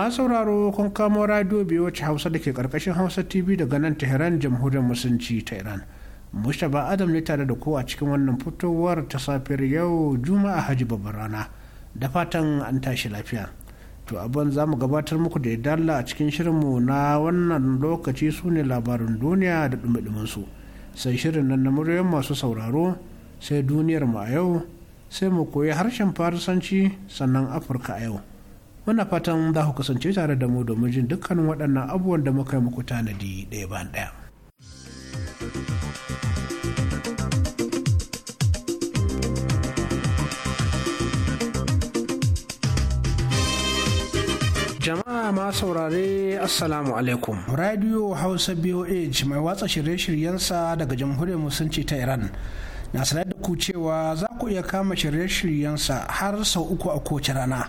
masu sauraro kun kamo radio biyu wacce hausa da ke karkashin hausa tv daga nan tehran jamhuriyar musulunci ta iran mustapha adam ne tare da ko a cikin wannan fitowar ta safiyar yau juma'a hajji babbar rana da fatan an tashi lafiya to abin za mu gabatar muku da dalla a cikin shirinmu na wannan lokaci su ne labarin duniya da dumi su sai shirin nan na muryoyin masu sauraro sai duniyar mu a yau sai mu koyi harshen farisanci sannan afirka a yau muna fatan za ku kasance tare da mu domin jin dukkanin waɗannan abubuwan da muka yi muku tanadi ɗaya bayan ɗaya. jama'a ma saurare assalamu alaikum radio hausa boh mai watsa shirye-shiryensa daga jamhuriyar musulunci ta iran na sanar da ku cewa za ku iya kama shirye-shiryensa har sau uku a kowace rana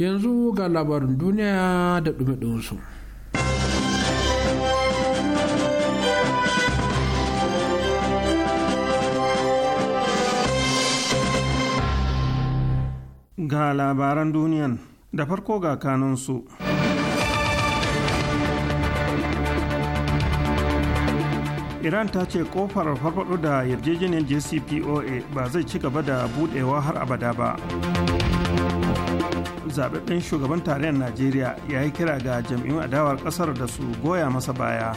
yanzu ga labarin duniya da ɗume ɗinsu ga labaran duniyan da farko ga kanunsu. iran ta ce kofar farfado da yarjejeniyar jcpoa ba zai ci gaba da buɗewa har abada ba. zaɓaɓɓen shugaban tarayyar najeriya ya yi kira ga jam'iyyun adawar ƙasar da su goya masa baya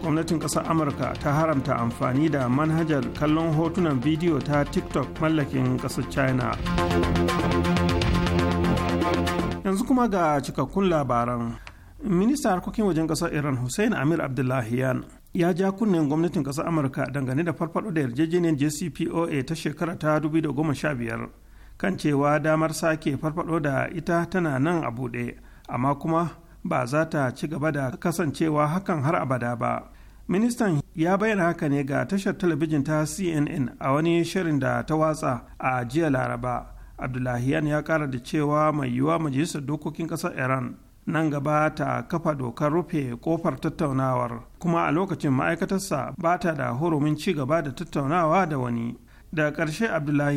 gwamnatin ƙasar amurka ta haramta amfani da manhajar kallon hotunan bidiyo ta tiktok mallakin ƙasar china yanzu kuma ga cikakkun labaran ministan harkokin wajen ƙasar iran hussein amir abdullahiyan ya ja kunnen gwamnatin ƙasar amurka dangane da farfado da yarjejeniyar jcpoa ta shekara ta 2015 kan cewa damar sake farfado da ita tana nan a buɗe amma kuma ba za ta ci gaba da kasancewa hakan har abada ba ministan ya bayyana haka ne ga tashar talabijin ta cnn a wani shirin da ta watsa a jiya laraba abdullahi abdullahiyan ya kara da cewa mai yiwuwa majalisar dokokin kasar iran nan gaba ta kafa dokar rufe kofar tattaunawar kuma a lokacin ma'aikatarsa ba ta da hurumin ci gaba da tattaunawa da wani da ƙarshe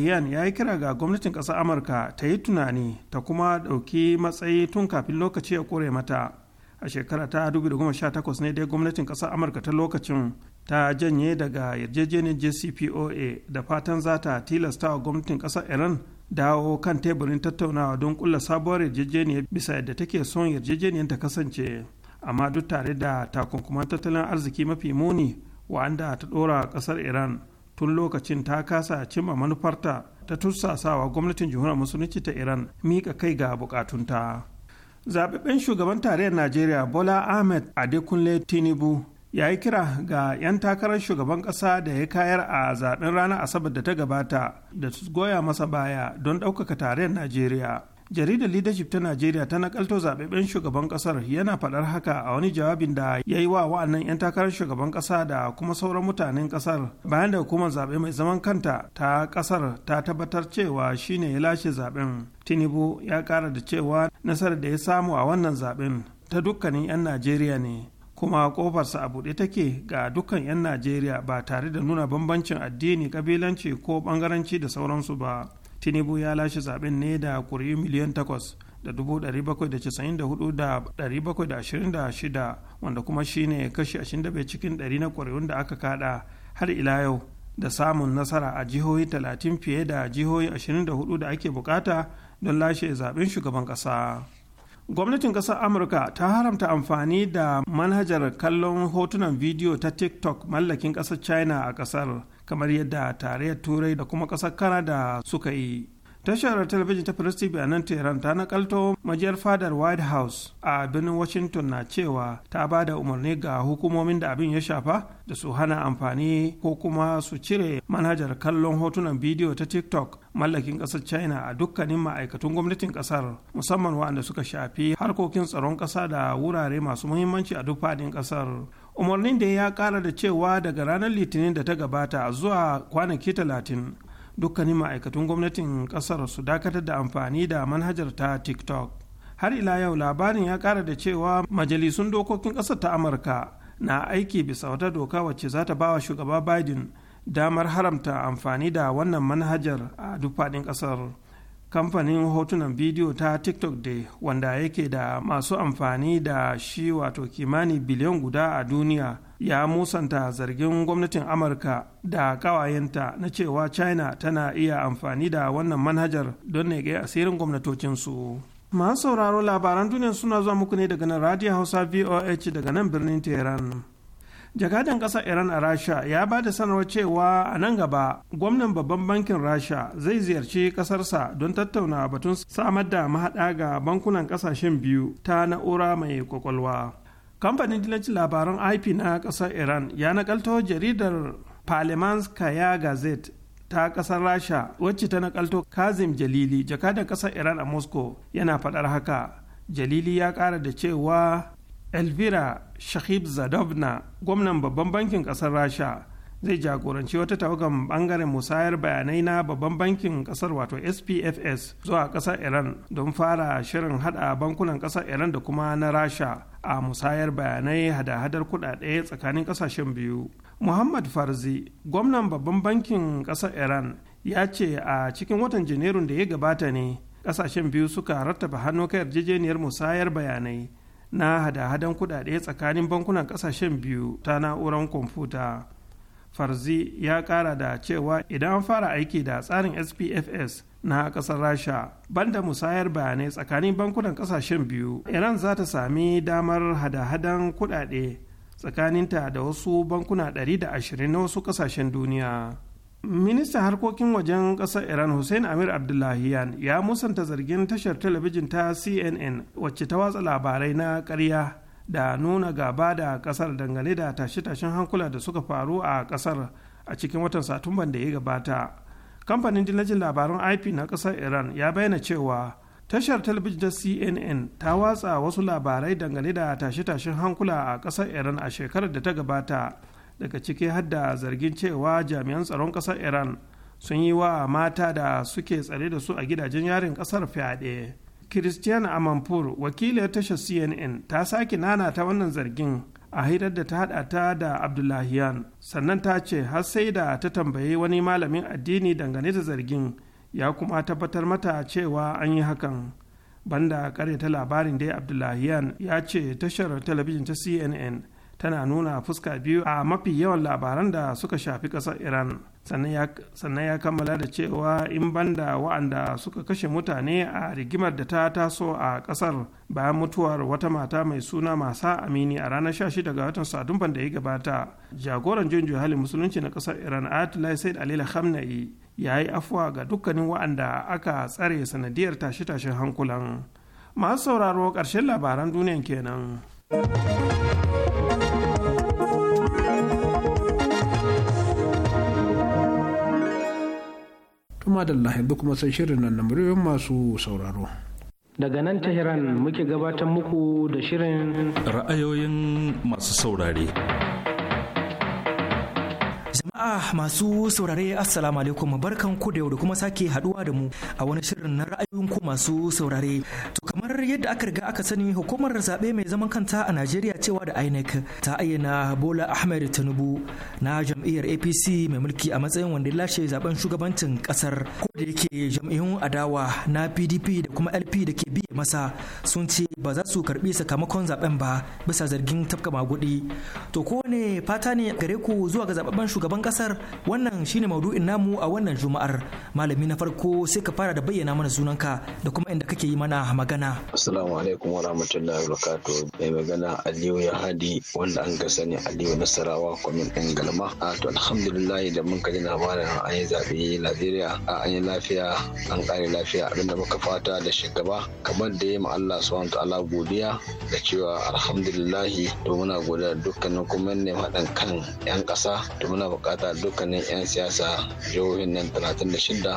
yan ya yi kira ga gwamnatin ƙasar amurka ta yi tunani ta kuma ɗauki matsayi tun kafin lokaci ya kore mata a shekara ta 2018 ne dai gwamnatin ƙasar amurka ta lokacin ta janye daga yarjejeniyar jcpoa da fatan za ta tilasta wa gwamnatin ƙasar iran dawo kan teburin tattaunawa don kulla sabuwar yarjejeniyar bisa yadda take son yarjejeniyar ta kasance amma duk tare da takunkuman tattalin arziki mafi muni wa'anda ta ɗora ƙasar iran tun lokacin ta kasa cimma manufarta ta tussasawa gwamnatin jihohar musulunci ta iran mika kai ga bukatunta zaɓaɓɓen shugaban tarayyar najeriya bola ahmed adekunle tinubu ya yi kira ga 'yan takarar shugaban ƙasa da ya kayar a zaɓen ranar asabar da ta gabata da su goya masa baya don ɗaukaka tarayyar najeriya jaridar leadership ta najeriya ta nakalto zababben shugaban kasar yana faɗar haka a wani jawabin da ya yi wa wa'annan 'yan takarar shugaban kasa da kuma sauran mutanen kasar bayan da hukumar zaɓe mai zaman kanta ta kasar ta tabbatar cewa shine ya lashe zaɓen tinubu ya ƙara da cewa nasarar da ya samu a wannan zaɓen ta dukkanin 'yan najeriya ne kuma kofarsa a buɗe take ga dukkan 'yan najeriya ba tare da nuna bambancin addini kabilanci ko bangaranci da sauransu ba tinubu ya lashe zaben ne da kuri miliyan takwas da dubu da casa'in wanda kuma shine kashi ashirin da cikin ɗari na kuri'un da aka kada har ila yau da samun nasara a jihohi talatin fiye da jihohi ashirin da ake bukata don lashe zaben shugaban ƙasa. gwamnatin ƙasar amurka ta haramta amfani da manhajar kallon hotunan bidiyo ta tiktok mallakin ƙasar china a ƙasar kamar yadda tarayyar turai da kuma ƙasar kanada suka yi tashar talabijin ta Firis TV a nan Tehran ta nakalto majiyar fadar White House a birnin Washington na cewa ta ba da umarni ga hukumomin da abin ya shafa da su hana amfani ko kuma su cire manhajar kallon hotunan bidiyo ta TikTok mallakin ƙasar China a dukkanin ma'aikatun gwamnatin ƙasar musamman waɗanda suka shafi harkokin tsaron ƙasa da wurare masu muhimmanci a duk fadin ƙasar. umarnin da ya kara da cewa daga ranar litinin da ta gabata a zuwa kwanaki talatin dukkanin ma'aikatun gwamnatin kasar su dakatar da amfani da manhajar ta tiktok har ila yau labarin ya kara da cewa majalisun dokokin kasar ta amurka na aiki bisa wata doka wacce za ta bawa shugaba biden damar haramta amfani da wannan manhajar a duk faɗin ƙasar. kamfanin hotunan bidiyo ta tiktok da wanda yake da masu amfani da shi wato kimani biliyan guda a duniya ya musanta zargin gwamnatin amurka da kawayenta na cewa china tana iya amfani da wannan manhajar don nege asirin gwamnatocinsu masu sauraro labaran duniya suna zuwa muku ne daga nan radio hausa voh daga nan birnin tehran jakadan ƙasar iran a rasha ya ba da sanarwar cewa a nan gaba gwamnan babban bankin rasha zai ziyarci ƙasarsa don tattauna batun samar da mahaɗa ga bankunan ƙasashen biyu ta na'ura mai kwakwalwa kamfanin dillancin labaran ip na ƙasar iran ya nakalto jaridar palemanskaya gazet ta kasar rasha wacce ta nakalto kazim jalili jakadan kasar iran a moscow yana faɗar haka jalili ya ƙara da cewa elvira shahib zadovna gwamnan babban bankin kasar rasha zai jagoranci wata tawagan bangaren musayar bayanai na babban bankin kasar wato spfs zuwa kasar iran don fara shirin hada bankunan kasar iran da kuma na rasha a musayar bayanai hada-hadar kudade tsakanin kasashen biyu muhammad farzi gwamnan babban bankin kasar iran ya ce a cikin watan janairun da ya gabata ne kasashen biyu suka rattaba hannu kan yarjejeniyar musayar bayanai na hada-hadan kudade tsakanin bankunan kasashen biyu ta na'urar kwamfuta farzi ya kara da cewa idan an fara aiki da tsarin spfs na kasar rasha banda musayar bayanai tsakanin bankunan kasashen biyu iran za ta sami damar hada-hadan kudade tsakaninta da wasu bankuna 120 na wasu kasashen duniya. ministan harkokin wajen ƙasar iran hussein amir abdullahiyan ya musanta zargin tashar talabijin ta cnn wacce ta watsa labarai na karya da nuna gaba da ƙasar dangane da tashe-tashen hankula da suka faru a ƙasar a cikin watan satumban da ya gabata kamfanin dinajin Labaran ip na ƙasar iran ya bayyana cewa tashar talabijin ta cnn ta watsa wasu labarai dangane da tashe-tashen hankula a ƙasar iran a shekarar da ta gabata daga ciki hadda zargin cewa jami'an tsaron ƙasar iran sun yi wa mata da suke tsare da su a gidajen yarin ƙasar fyaɗe christian amanpour wakiliyar tashar cnn ta sake nana ta wannan zargin a hirar da ta hada ta da abdullahiyan sannan ta ce har sai da ta tambayi wani malamin addini dangane da zargin ya kuma tabbatar mata cewa an yi hakan banda ta labarin dai abdullahiyan ya ce tashar talabijin ta cnn tana nuna fuska biyu a mafi yawan labaran da suka shafi ƙasar iran sannan ya kammala da cewa in banda wa'anda suka kashe mutane a rigimar da ta taso a ƙasar bayan mutuwar wata mata mai suna masa amini a ranar 16 ga watan satumban da ya gabata jagoran junjo halin musulunci na ƙasar iran atulai said alila hamna'i ya yi afuwa ga dukkanin wa'anda aka tsare sanadiyar tashe-tashen hankulan masu sauraro ƙarshen labaran duniyan kenan. Tuma da yanzu kuma sai shirin nan na muryoyin masu sauraro. Daga nan Tehran muke gabatar muku da shirin ra'ayoyin masu saurare. Jama'a masu saurare Assalamu alaikum barkan ku da yau da kuma sake haduwa da mu a wani shirin na ra'ayoyin ku masu saurare. To kamar yadda aka riga aka sani hukumar zaɓe mai zaman kanta a Najeriya cewa da INEC ta ayyana Bola Ahmed Tinubu na jam'iyyar APC mai mulki a matsayin wanda ya lashe zaben shugabancin kasar ko da yake jam'iyyun adawa na PDP da kuma LP da ke biye masa sun ce ba za su karbi sakamakon zaben ba bisa zargin tafka magudi. To ko ne fata ne gare ku zuwa ga shugaban shugaban kasar wannan shine maudu'in namu a wannan juma'ar malami na farko sai ka fara da bayyana mana sunanka da kuma inda kake yi mana magana assalamu alaikum wa rahmatullahi wa barakatuh mai magana aliyu ya hadi wanda an ga sani aliyu nasarawa kwamin ɗan galma a to alhamdulillah da mun kaji labarin an yi zaɓe najeriya a an yi lafiya an ƙare lafiya abin da muka fata da shugaba kamar da ya Allah subhanahu ta'ala godiya da cewa alhamdulillah to muna godiya dukkanin kuma ne haɗin kan 'yan ƙasa to muna bukata dukkanin 'yan siyasa jihohin nan 36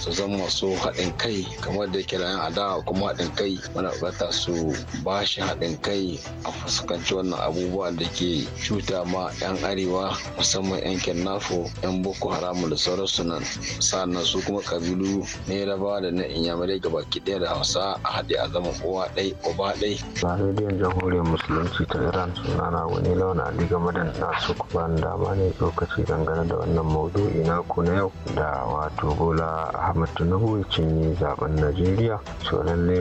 su zama masu haɗin kai kamar da yake adawa kuma haɗin kai muna bukata su ba shi haɗin kai a fuskanci wannan abubuwa da ke cuta ma 'yan arewa musamman 'yan kinnafo 'yan boko haramu da sauransu nan sa'annan su kuma kabilu ne raba da na ga gaba ɗaya da hausa a haɗe a zama kowa ɗai uba ɗai. na rediyon jamhuriyar musulunci ta iran suna na wani launa ali game da nasu kuma dama ne lokacin ke dangane da wannan maudu'i naku na yau da wato bola ahmad tinubu ya cinye zaben najeriya so lalle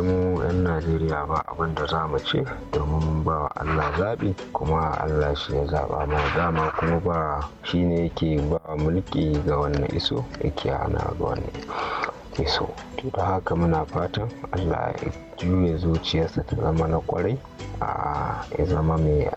yan najeriya ba abin da za mu ce domin ba allah zaɓi kuma allah shi ya zaɓa ma dama kuma ba shi ne yake ba mulki ga wannan iso yake hana ga wannan ake so to da haka muna fatan allah ya juya zuciyarsa ta zama na kwarai a ya zama mai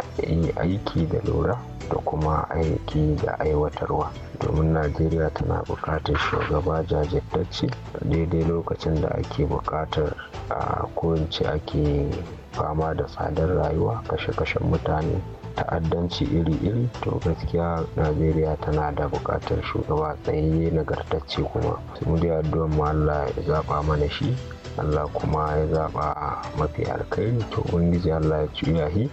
aiki da lura da kuma aiki da aiwatarwa domin najeriya tana bukatar shugaba jajirtacce daidai lokacin da ake bukatar a kowace ake fama da tsadar rayuwa kashe-kashen mutane ta'addanci iri-iri to gaskiya najeriya tana da buƙatar shugaba tsayayye nagartacce kuma su muryar addu'ar mu Allah ya zaba mana shi Allah kuma ya zaba mafi alkairi to ubangiji Allah ya juya shi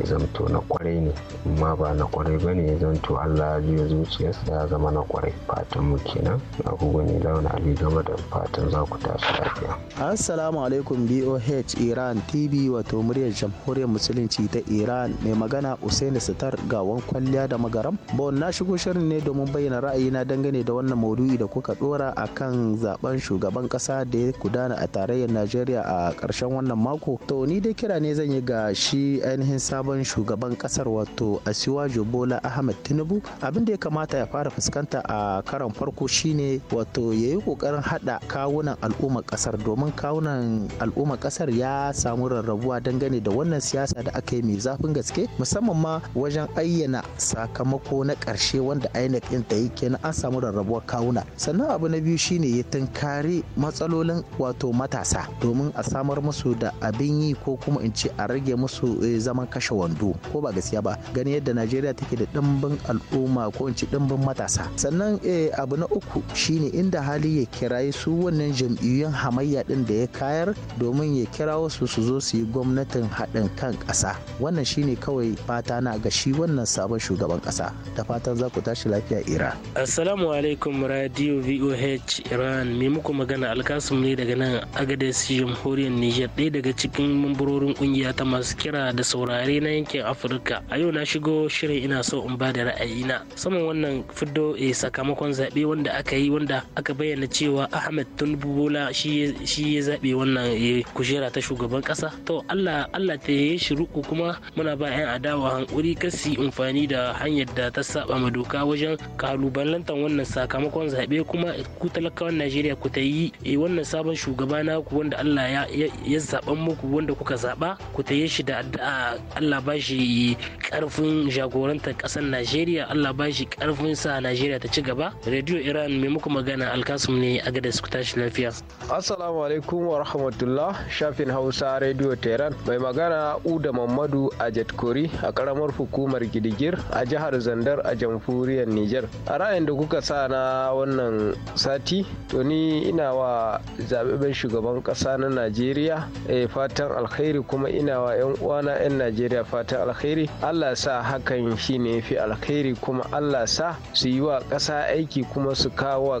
ya zamto na kwarai ne amma ba na kwarai ba ne ya zamto Allah ya ji zuciyarsa ya zama na kwarai fatan mu kenan na ku gani launa ali game da fatan za ku tashi lafiya assalamu alaikum boh iran tv wato muryar jamhuriyar musulunci ta iran mai magana usaini sitar gawan kwalliya da magaram bon na shigo shirin ne domin bayyana ra'ayina dangane da wannan maudu'i da kuka dora akan zaben shugaban kasa da ya gudana a tarayyar najeriya a ƙarshen wannan mako to ni dai kira ne zan yi ga shi ainihin sabon shugaban ƙasar wato asiwaju bola ahmed tinubu abin da ya kamata ya fara fuskanta a karon farko shine wato ya yi ƙoƙarin haɗa kawunan al'ummar ƙasar domin kawunan al'ummar ƙasar ya samu rarrabuwa dangane da wannan siyasa da aka yi mai zafin gaske musamman ma wajen ayyana sakamako na ƙarshe wanda inec ɗin ta yi kenan an samu rarrabuwar kawuna sannan abu na biyu shine ya tunkari matsalolin wato matasa domin a samar musu da abin yi ko kuma in ce a rage musu eh, zaman kashe wando ko ba gaskiya ba gani yadda najeriya take da ɗimbin al'umma ko in ce ɗimbin matasa sannan eh, abu na uku shine inda hali ya kirayi su wannan jam'iyyun hamayya din da ya kayar domin ya kira wasu su zo su yi gwamnatin haɗin kan ƙasa wannan shine kawai fata na ga shi wannan sabon shugaban ƙasa da fatan za ku tashi lafiya ira. assalamu alaikum radio voh iran me muku magana alkasum ne daga nan agadez jamhuriyar niger ɗaya daga cikin mambarorin kungiya ta masu kira da saurare na yankin afirka a yau na shigo shirin ina so in ba da ra'ayina saman wannan fiddo a eh, sakamakon zaɓe wanda aka yi wanda aka bayyana cewa ahmed tinubu bola shi ya zaɓe wannan eh, kujera ta shugaban ƙasa to allah allah ta yi shi ruku kuma muna ba 'yan adawa hankuri yi amfani da hanyar da ta saba ma doka wajen kalubalantar wannan sakamakon zaɓe kuma ku talakawan najeriya ku ta yi eh, wannan sabon shugaba kwana ku wanda Allah ya zaɓa muku wanda kuka zaɓa ku taye shi da addu'a Allah ba shi ƙarfin jagorantar ƙasar Najeriya Allah ba shi ƙarfin sa Najeriya ta ci gaba Radio Iran mai muku magana Alkasum ne a gada su tashi lafiya Assalamu alaikum wa rahmatullah shafin Hausa Radio Tehran mai magana Uda Mamadu kori a karamar hukumar Gidigir a jihar Zandar a jamhuriyar Niger a ra'ayin da kuka sa na wannan sati to ni ina wa zaɓaɓɓen shugaban ƙasa na najeriya eh, fatan alkhairi kuma ina wa 'yan uwana 'yan najeriya fatan alkhairi allah sa hakan shine fi alkhairi kuma allah sa su yi wa ƙasa aiki kuma su kawo wa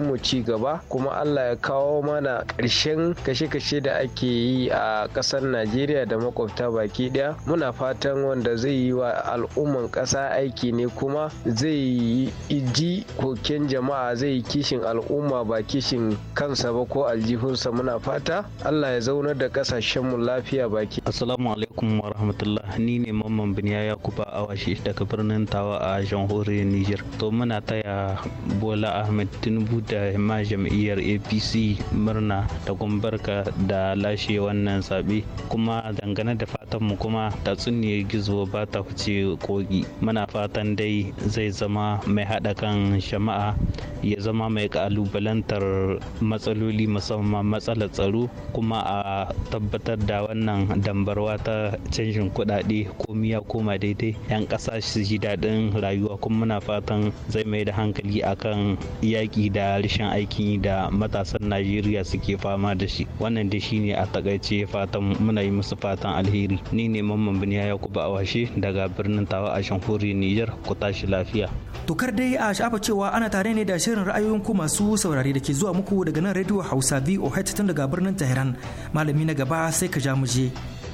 mu ci gaba kuma allah ya kawo mana ƙarshen kashe-kashe da ake yi a ƙasar najeriya da makwabta baki ɗaya muna fatan wanda zai yi wa al'umman ƙasa aiki ne kuma zai ji koken jama'a zai yi kishin al'umma ba kishin kansa ba ko aljihun Hausa muna fata Allah ya zaunar da kasashen mu lafiya baki. Assalamu alaikum wa rahmatullah ni ne mamman biniya Yakuba Awashi daga birnin Tawa a jamhuriyar Niger. To muna taya Bola Ahmed Tinubu da ma jam'iyyar APC murna da gumbarka da lashe wannan zaɓe kuma dangane da fatan mu kuma tatsuniyar gizo ba ta kuce kogi muna fatan dai zai zama mai haɗa kan jama'a ya zama mai kalubalantar matsaloli musamman matsalar tsaro kuma a tabbatar da wannan dambarwa ta canjin kuɗaɗe komi ya koma daidai 'yan ƙasa su ji daɗin rayuwa kuma muna fatan zai mai da hankali akan yaƙi da rashin aikin yi da matasan najeriya suke fama da shi wannan dai shine a takaice fatan muna yi musu fatan alheri ni ne mamman biniya yakuba awashe daga birnin tawa a shankuri niger ku tashi lafiya tokar dai a shafa cewa ana tare ne da shirin ra'ayoyin ku masu saurari da ke zuwa muku daga nan radio hausa voh tun daga birnin Tehran malami na gaba sai ka ja mu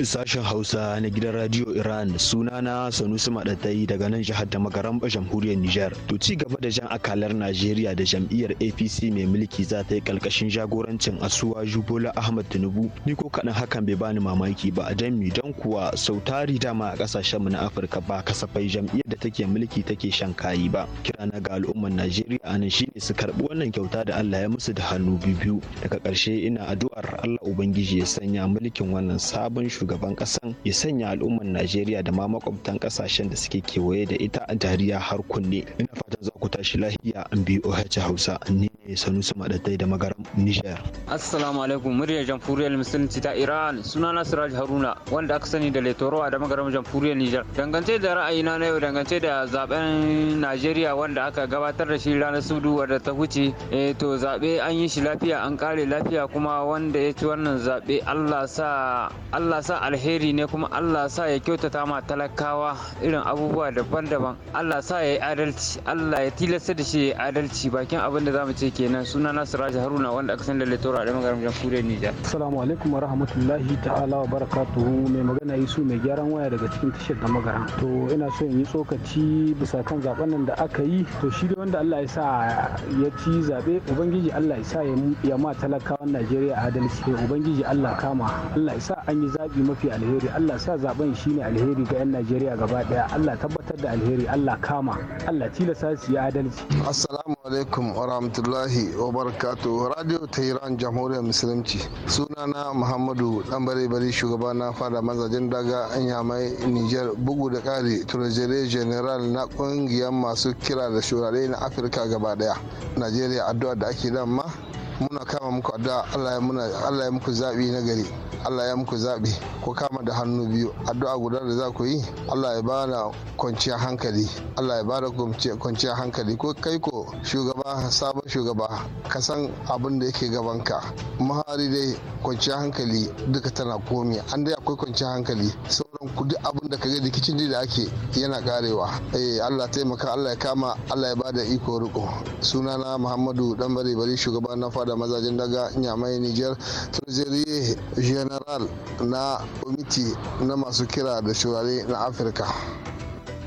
sashen Hausa na gidan Radio Iran sunana Sanusi Madatai daga nan jihar da magaran jamhuriyar Niger. To ci gaba da jan akalar Najeriya da jam'iyyar APC mai mulki za ta yi kalkashin jagorancin Asuwa Jubola Ahmad Tinubu. Ni ko kaɗan hakan bai bani mamaki ba a mi don kuwa sau tari dama a ƙasashen mu na Afirka ba kasafai jam'iyyar da take mulki take shan kayi ba. Kira na ga al'ummar Najeriya anan shine su karɓi wannan kyauta da Allah ya musu da hannu biyu. Daga ƙarshe ina addu'ar Allah Ubangiji ya sanya mulkin wannan sabon shugaban shugaban kasan ya sanya al'ummar Najeriya da ma makwabtan kasashen da suke kewaye da ita a dariya har kunne. Ina fatan za ku tashi lahiya an BOH Hausa ni ne su madadai da magaram Niger. Assalamu alaikum murya jamhuriyar musulunci ta Iran sunana Siraj Haruna wanda aka sani da Letoro a da magaram jamhuriyar Niger. Dangance da ra'ayina na yau dangance da zaben Najeriya wanda aka gabatar da shi ranar Sudu wadda ta huce eh to zabe an yi shi lafiya an kare lafiya kuma wanda ya ci wannan zabe Allah sa Allah sa fatan alheri ne kuma Allah sa ya kyautata ma talakawa irin abubuwa daban-daban Allah sa ya yi adalci Allah ya tilasta da shi ya yi adalci bakin abin da zamu ce kenan suna na Siraji Haruna wanda aka san da Litora da magaram jamhuriyar Nijar Assalamu alaikum wa rahmatullahi ta'ala wa barakatuhu mai magana su mai gyaran waya daga cikin tashar da magana to ina so in yi tsokaci bisa kan zaben nan da aka yi to shi da wanda Allah ya sa ya ci zabe ubangiji Allah ya sa ya ma talakawan Najeriya adalci ubangiji Allah kama Allah ya sa an yi zabi mafi alheri Allah sa zaben shine alheri ga 'yan Najeriya gaba daya Allah tabbatar da alheri Allah kama Allah tilasa su yi adalci assalamu alaikum wa rahmatullahi wa radiyo radio tehran jamhuriyar musulunci sunana muhammadu dan bare bari shugaba na fada mazajen daga mai niger bugu da kari turajere general na kungiyar masu kira da shurare na afirka gaba daya najeriya addu'a da ake dan ma muna kama muku addu'a Allah ya muna Allah ya muku zabi na gari Allah ya muku zabi ko kama da hannu biyu addu'a guda da za ku yi Allah ya bada kwanciyar hankali Allah ya bada kwanciyar hankali ko kai ko shugaba sabon shugaba ka san abin da yake gabanka mahari dai kwanciyar hankali duka tana komi an dai akwai kwanciyar hankali ku duk abin da ga rikicin da ake yana karewa eh Allah taimaka Allah ya kama Allah ya bada iko riko sunana Muhammadu dan bare bare shugaban na fada mazajen daga Nyamai Niger Treasury General na committee na masu kira da shurare na Afirka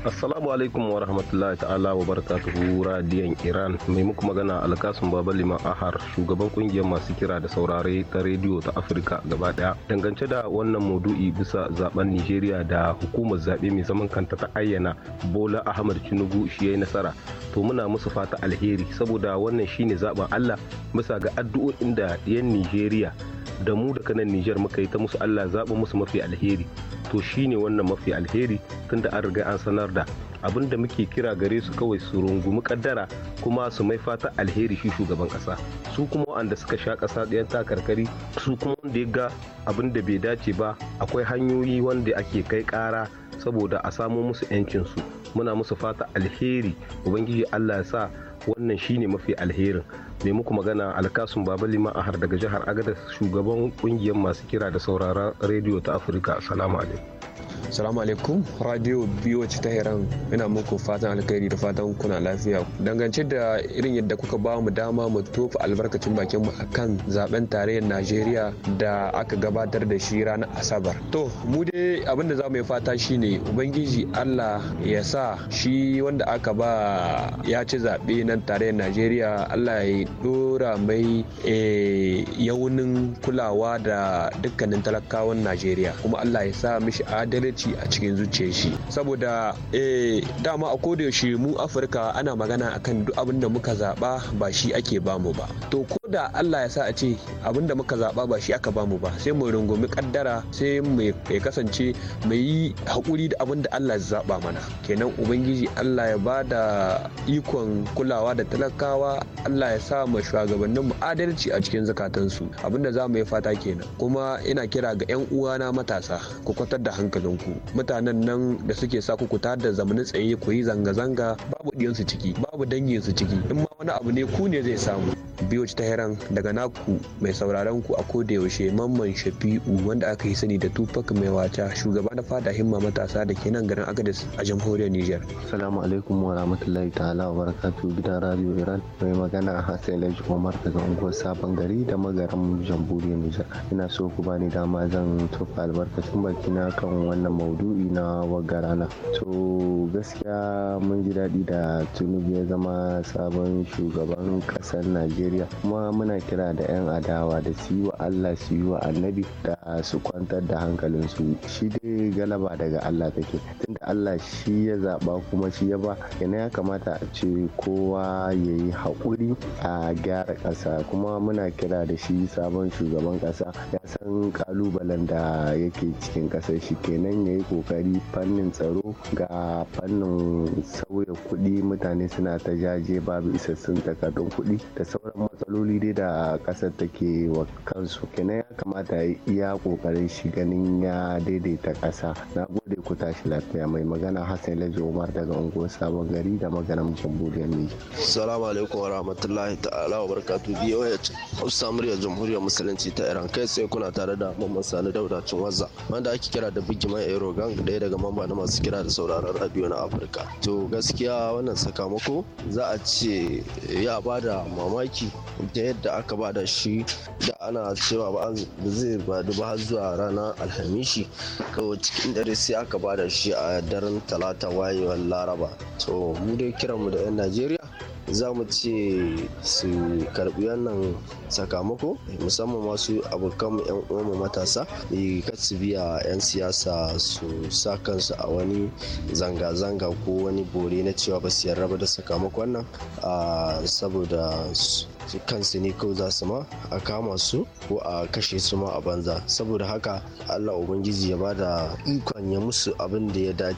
Assalamu alaikum wa rahmatullahi ta'ala wa barakatuhu radiyan Iran mai muku magana alkasun baba liman ahar shugaban kungiyar masu kira da saurare ta rediyo ta Afirka gaba daya dangance da wannan maudu'i bisa zaben Nigeria da hukumar zabe mai zaman kanta ta ayyana Bola Ahmed Tinubu shi yayi nasara to muna musu fata alheri saboda wannan shine zaben Allah bisa ga addu'o'in da yan Nigeria da mu daga nan Niger muka yi ta musu Allah zaben musu mafi alheri to shi ne wannan mafi alheri tunda an riga an sanar da abin da muke kira gare su kawai su rungumi kaddara kuma su mai fata alheri shi shugaban kasa su kuma wanda suka sha kasa ɗayan takarkari su kuma wanda ya ga abin da bai dace ba akwai hanyoyi wanda ake kai kara saboda a samo musu 'yancinsu muna musu fata alheri ubangiji allah ya sa wannan shine mafi alherin mai muku magana alkasun baba lima a har daga jihar agadas shugaban kungiyar masu kira da sauraron rediyo ta afirka salamu alaikum Salamu alaikum radio BOC ta heran ina muku fatan alkhairi da fatan kuna lafiya. Dangance da irin yadda kuka ba mu dama mu tofa albarkacin bakin mu akan zaben tarayyar Najeriya da aka gabatar da shi ranar Asabar. To mu dai da za mu yi fata shine Ubangiji Allah ya sa shi wanda aka ba ya ci zaɓe nan tarayyar Najeriya Allah ya dora mai eh, yaunin kulawa da dukkanin talakawan Najeriya kuma Allah ya sa mishi adalci adalci a cikin zuciyar shi saboda eh dama a koda yaushe mu afirka ana magana akan duk abin da muka zaba ba shi ake bamu ba to ko da Allah ya sa a ce abin da muka zaba ba shi aka bamu ba sai mu rungumi kaddara sai mu kasance mu yi hakuri da abin da Allah ya zaba mana kenan ubangiji Allah ya ba da ikon kulawa da talakawa Allah ya sa ma shugabannin mu adalci a cikin zakatansu abin da za mu yi fata kenan kuma ina kira ga 'yan uwana matasa ku kwatar da hankalinku ku mutanen nan da suke sa ku ta da zamanin tsaye ku yi zanga-zanga babu su ciki babu dangin su ciki in ma wani abu ne ku ne zai samu biyo ta heran daga naku mai sauraron ku a koda yaushe mamman shafi'u wanda aka yi sani da tupac mai wata shugaba na fada himma matasa da ke nan garin agadis a jamhuriyar niger salamu alaikum wa rahmatullahi ta'ala wa barakatu gidan radio iran mai magana hassan laji umar daga unguwar sabon gari da magaran jamhuriyar niger ina so ku bani dama zan tofa albarkacin baki na kan wannan maudu'i na wagga rana to gaskiya mun ji daɗi da tunubu ya zama sabon shugaban ƙasar najeriya kuma muna kira da 'yan adawa da su yi wa allah su yi wa annabi da su kwantar da hankalinsu shi dai galaba daga allah take tunda allah shi ya zaɓa kuma shi ya ba yana ya kamata a ce kowa ya yi haƙuri a gyara ƙasa kuma muna kira da shi sabon shugaban ƙasa ya san ƙalubalen da yake cikin ƙasar shi kenan ya yi kokari fannin tsaro ga fannin sauya kuɗi mutane suna ta jaje babu isassun takardun kuɗi da sauran matsaloli dai da ƙasar take wa kansu kenan ya kamata ya iya kokarin shi ganin ya daidaita ƙasa na gode ku tashi lafiya mai magana hassan laji umar daga unguwar sabon gari da maganin jamhuriyar ne salamu alaikum wa rahmatullahi ta'ala wa barakatu boh hausa murya jamhuriyar musulunci ta iran kai sai kuna tare da mamman sani daudacin cin wazza wanda ake kira da bigiman rogan ɗaya daga mamba na masu kira da sauraron radio na Afirka. To gaskiya wannan sakamako za a ce ya bada mamaki da yadda aka bada shi da ana cewa ba zai badu ba har zuwa ranar alhamishi to cikin dare sai aka bada shi a daren talata wayewar laraba to mu dai kiranmu da 'yan najeriya za mu ce su karbi wannan sakamako musamman masu abokan yan uwanmu matasa kar su biya yan siyasa su sa kansu a wani zanga-zanga ko wani bore na cewa ba su ba da sakamakon nan saboda kansu ne kawai za su ma a kama su ko a kashe su ma a banza saboda haka allah ubangiji ya ba da ikon ya musu abin da ya dace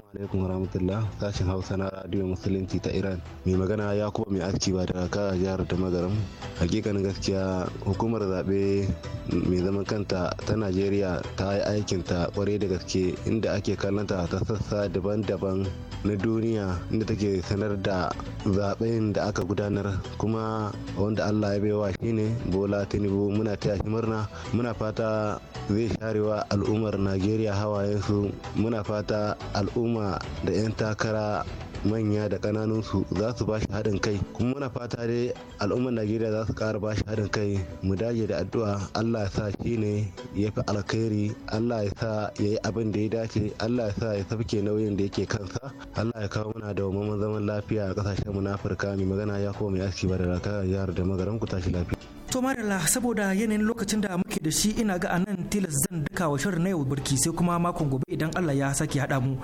Assalamu alaikum warahmatullah sashen Hausa na Radio Musulunci ta Iran. Mai magana ya kuma mai aski ba da ka jihar da magaram. Hakikanin gaskiya hukumar zabe mai zaman kanta ta Najeriya ta yi aikin ta kwarai da gaske inda ake kallonta ta sassa daban-daban na duniya inda take sanar da zaɓen da aka gudanar kuma wanda Allah ya baiwa shine Bola Tinubu muna taya shi murna muna fata zai sharewa al'ummar Najeriya hawayensu muna fata al'ummar hukuma da 'yan takara manya da kananan su za su ba shi haɗin kai kuma muna fata dai al'ummar najeriya za su ƙara ba shi haɗin kai mu dage da addu'a allah ya sa shi ne ya fi alkhairi allah ya sa ya yi abin da ya dace allah ya sa ya sabke nauyin da yake kansa allah ya kawo muna da wamaman zaman lafiya a ƙasashen mu na afirka mai magana ya kuma mai aski ba da raka jihar da magaran ku tashi lafiya. to marala saboda yanayin lokacin da muke da shi ina ga anan tilas zan duka wa shirin na yau birki sai kuma makon gobe idan allah ya sake haɗa mu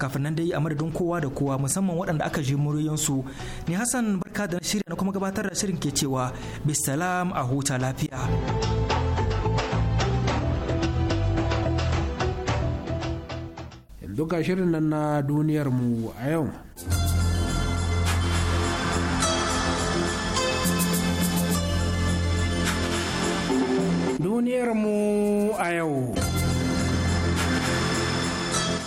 kafin nan dai a madadin kowa da kowa musamman musamman waɗanda aka je muryoyinsu ni hassan barka da shirya na kuma gabatar da shirin ke cewa bisalam a huta lafiya duka shirin nan na mu a yau mu a yau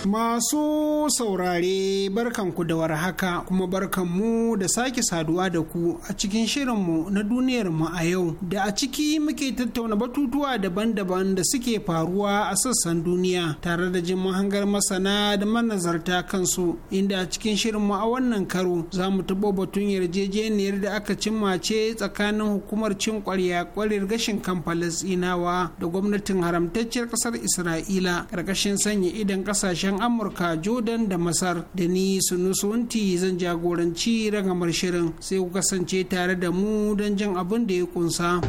Masu saurare barkanku da warhaka kuma barkanmu da sake saduwa da ku a cikin shirinmu na duniyar mu a yau da a ciki muke tattauna batutuwa daban-daban da suke faruwa a sassan duniya tare da jin mahangar masana da manazarta kansu inda a cikin shirinmu a wannan karo za mu tabo batun yarjejeniyar da aka cimma ce tsakanin hukumar cin kwarya kwarir gashin kan Falasɗinawa da gwamnatin haramtacciyar ƙasar Isra'ila ƙarƙashin sanya idan ƙasashen ƙasashen amurka jordan da masar da ni nusunti zan jagoranci ragamar shirin sai ku kasance tare da mu don jin abin da ya kunsa.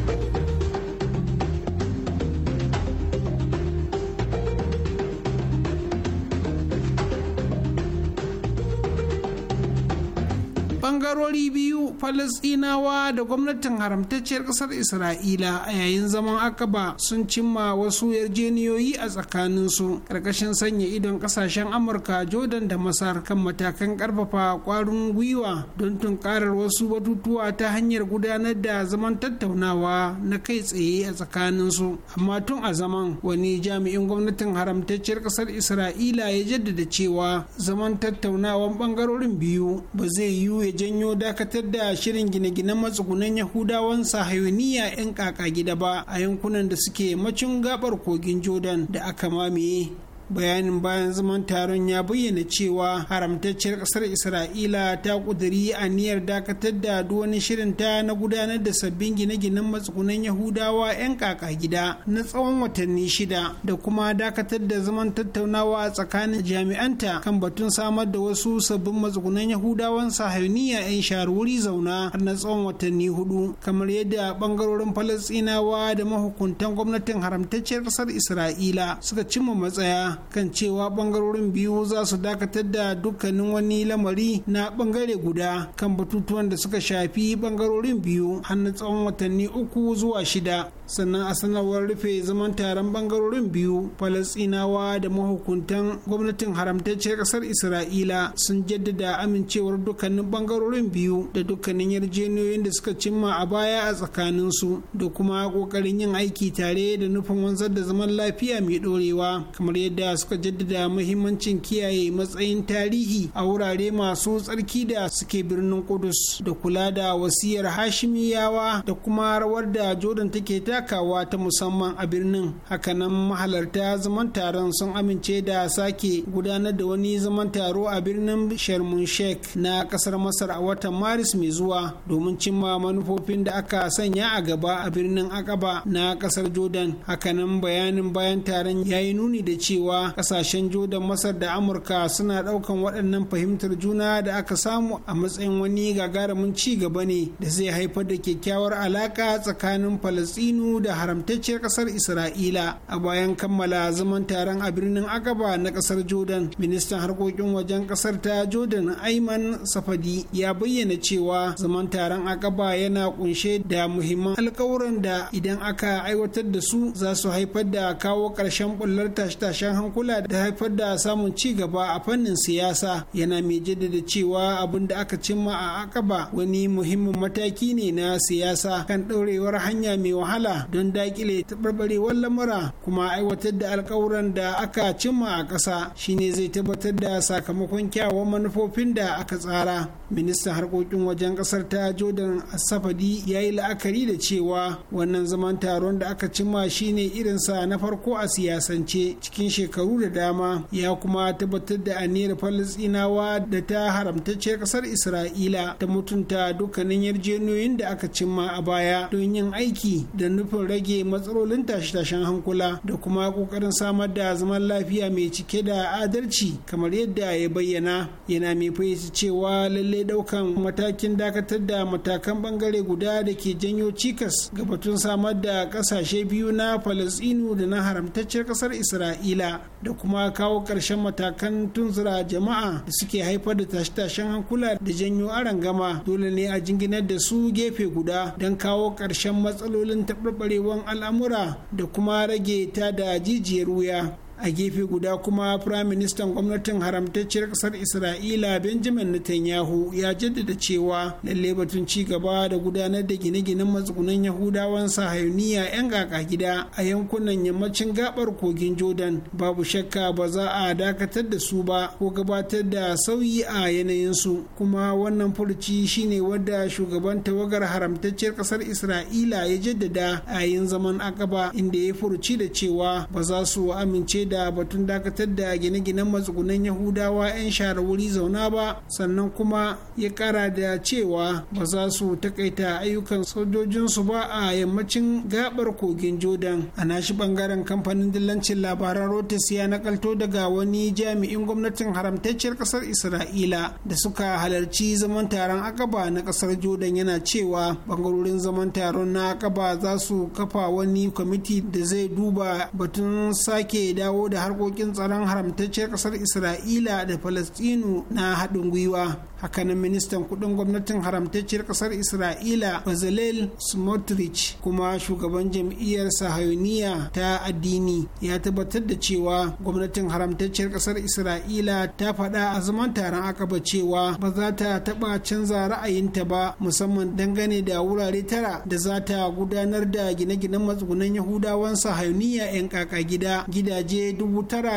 ɓangarori biyu falasɗinawa da gwamnatin haramtacciyar ƙasar isra'ila a yayin zaman akaba sun cimma wasu yarjeniyoyi a tsakaninsu karkashin sanya idon ƙasashen amurka jordan da masar kan matakan karfafa kwarin gwiwa don tunkarar wasu batutuwa ta hanyar gudanar da zaman tattaunawa na kai tsaye a tsakaninsu amma tun a zaman wani jami'in gwamnatin haramtacciyar ƙasar isra'ila ya jaddada cewa zaman tattaunawan bangarorin biyu ba zai yiwu ya janyo dakatar da da shirin gine-ginen matsugunan yahudawan sahayoniya 'yan kaka gida ba a yankunan da suke macin gabar kogin jordan da aka mamaye bayanin bayan zaman taron ya bayyana cewa haramtacciyar kasar isra'ila ta kuduri aniyar dakatar da wani shirin ta na gudanar da sabbin gine-ginen matsugunan yahudawa 'yan kaka gida na tsawon watanni shida da kuma dakatar da zaman tattaunawa a tsakanin jami'anta kan batun samar da wasu sabbin matsugunan yahudawan sahayuniya 'yan sharuri zauna har na tsawon watanni hudu kamar yadda bangarorin falastinawa da mahukuntan gwamnatin haramtacciyar kasar isra'ila suka cimma matsaya kan cewa bangarorin biyu za su dakatar da dukkanin wani lamari na bangare guda kan batutuwan da suka shafi bangarorin biyu har na tsawon watanni uku zuwa shida sannan a sanarwar rufe zaman taron bangarorin biyu falasinawa da mahukuntan gwamnatin haramtacciyar kasar isra'ila sun jaddada amincewar dukkanin bangarorin biyu da dukkanin yarjejeniyoyin da suka cimma a baya a tsakanin su da kuma kokarin yin aiki tare da nufin wanzar da zaman lafiya mai dorewa kamar yadda suka jaddada muhimmancin kiyaye matsayin tarihi a wurare masu tsarki da suke birnin kudus da kula da wasiyar hashimiyawa da kuma rawar da jordan take ta dakawa ta musamman a birnin hakanan mahalarta zaman taron sun amince da sake gudanar da wani zaman taro a birnin sharmun sheikh na kasar masar a watan maris mai zuwa domin cimma manufofin da aka sanya a gaba a birnin akaba na kasar jordan hakanan bayanin bayan taron ya yi nuni da cewa kasashen jordan masar da amurka suna daukan waɗannan fahimtar juna da aka samu a matsayin wani gagarumin ci gaba ne da zai haifar da kyakkyawar alaka tsakanin falastinu hannu da haramtacciyar kasar isra'ila a bayan kammala zaman taron a birnin agaba na kasar jordan ministan harkokin wajen kasar ta jordan aiman safadi ya bayyana cewa zaman taron agaba yana kunshe da muhimman alkawuran da idan aka aiwatar da su za su haifar da kawo ƙarshen bullar tashe-tashen hankula da haifar da samun ci gaba a fannin siyasa yana mai jaddada cewa abin da aka cimma a agaba wani muhimmin mataki ne na siyasa kan ɗaurewar hanya mai wahala don dakile taɓarɓarewar lamura kuma aiwatar da alkawuran da aka cimma a ƙasa shine zai tabbatar da sakamakon kyawawan manufofin da aka tsara ministan harkokin wajen ƙasar ta jordan asafadi ya yi la'akari da cewa wannan zaman taron da aka cimma shine irinsa na farko a siyasance cikin shekaru da dama ya kuma tabbatar da aniyar falasinawa da ta haramtacciyar ƙasar isra'ila ta mutunta dukkanin yarjejeniyoyin da aka cimma a baya don yin aiki da nufin rage matsalolin tashe-tashen hankula da kuma kokarin samar da zaman lafiya mai cike da adalci kamar yadda ya bayyana yana mai fahimci cewa lallai daukan matakin dakatar da matakan bangare guda da ke janyo cikas ga batun samar da kasashe biyu na falasinu da na haramtaccen kasar isra'ila da kuma kawo ƙarshen matakan tunzura jama'a da suke haifar da tashe-tashen hankula da janyo arangama dole ne a jinginar da su gefe guda don kawo ƙarshen matsalolin taɓar taɓarɓarewan al'amura da kuma rage ta da jijiyar wuya a gefe guda kuma firaministan gwamnatin haramtacciyar kasar isra'ila benjamin netanyahu ya jaddada cewa lalle batun ci gaba da gudanar da gine-ginen matsugunan yahudawan sahayuniya 'yan kaka gida a yankunan yammacin gabar kogin jordan babu shakka ba za a dakatar da su ba ko gabatar da sauyi a yanayinsu kuma wannan furci shine wadda shugaban tawagar haramtacciyar kasar isra'ila ya jaddada a yayin zaman akaba inda ya furci da cewa ba za su amince da batun dakatar da gine-ginen matsugunan yahudawa 'yan share wuri zauna ba sannan kuma ya kara da cewa ba za su takaita ayyukan sojojinsu ba a yammacin gabar kogin jordan a nashi bangaren kamfanin dillancin labaran rotis ya nakalto daga wani jami'in gwamnatin haramtacciyar kasar isra'ila da suka halarci zaman taron akaba na kasar jordan yana cewa bangarorin zaman taron na akaba za su kafa wani kwamiti da zai duba batun sake dawo dawo da harkokin tsaron haramtacciyar kasar isra'ila da falastinu na haɗin gwiwa hakanan ministan kudin gwamnatin haramtacciyar kasar isra'ila bezalel smotrich kuma shugaban jam'iyyar sahayuniya ta addini ya tabbatar da cewa gwamnatin haramtacciyar kasar isra'ila ta faɗa a zaman taron akaba cewa ba za ta taɓa canza ra'ayinta ba musamman dangane da wurare tara da za ta gudanar da gine-ginen matsugunan yahudawan sahayuniya 'yan kaka gida gidaje mutane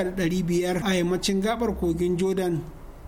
a yammacin gabar kogin jordan